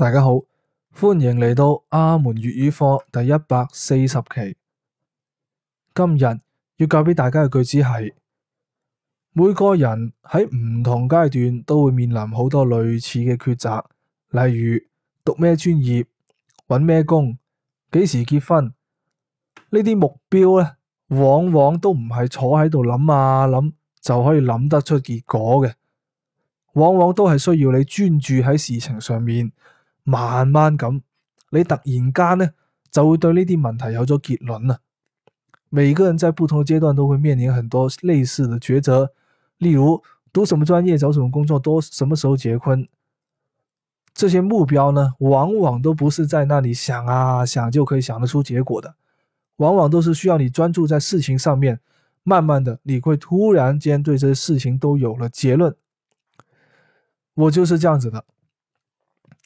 大家好，歡迎嚟到阿門粵語課第一百四十期。今日要教俾大家嘅句子係：每個人喺唔同階段都會面臨好多類似嘅抉擇，例如讀咩專業、揾咩工、幾時結婚。呢啲目標呢往往都唔係坐喺度諗啊諗就可以諗得出結果嘅，往往都係需要你專注喺事情上面。慢慢咁，你突然間呢，就會對呢啲問題有咗結論了。每個人在不同階段都會面臨很多類似的抉擇，例如讀什麼專業、找什麼工作、都什麼時候結婚，這些目標呢，往往都不是在那裏想啊想就可以想得出結果的，往往都是需要你專注在事情上面，慢慢的你會突然間對這些事情都有了結論。我就是這樣子的。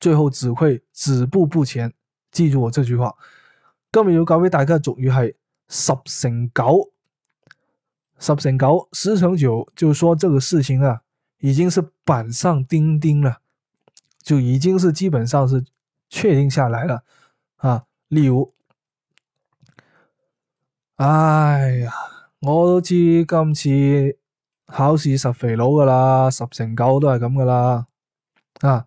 最後只會止步不前。記住我這句話。今日要教俾大家嘅俗語係十成九，十成九，十成九，就說這個事情啊，已經是板上釘釘啦，就已經是基本上是確定下來啦。啊，例如，哎呀，我都知今次考試實肥佬噶啦，十成九都係咁噶啦，啊。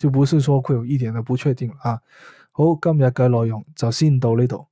就不是說會有一點的不確定啊。好，今日的內容就先到呢度。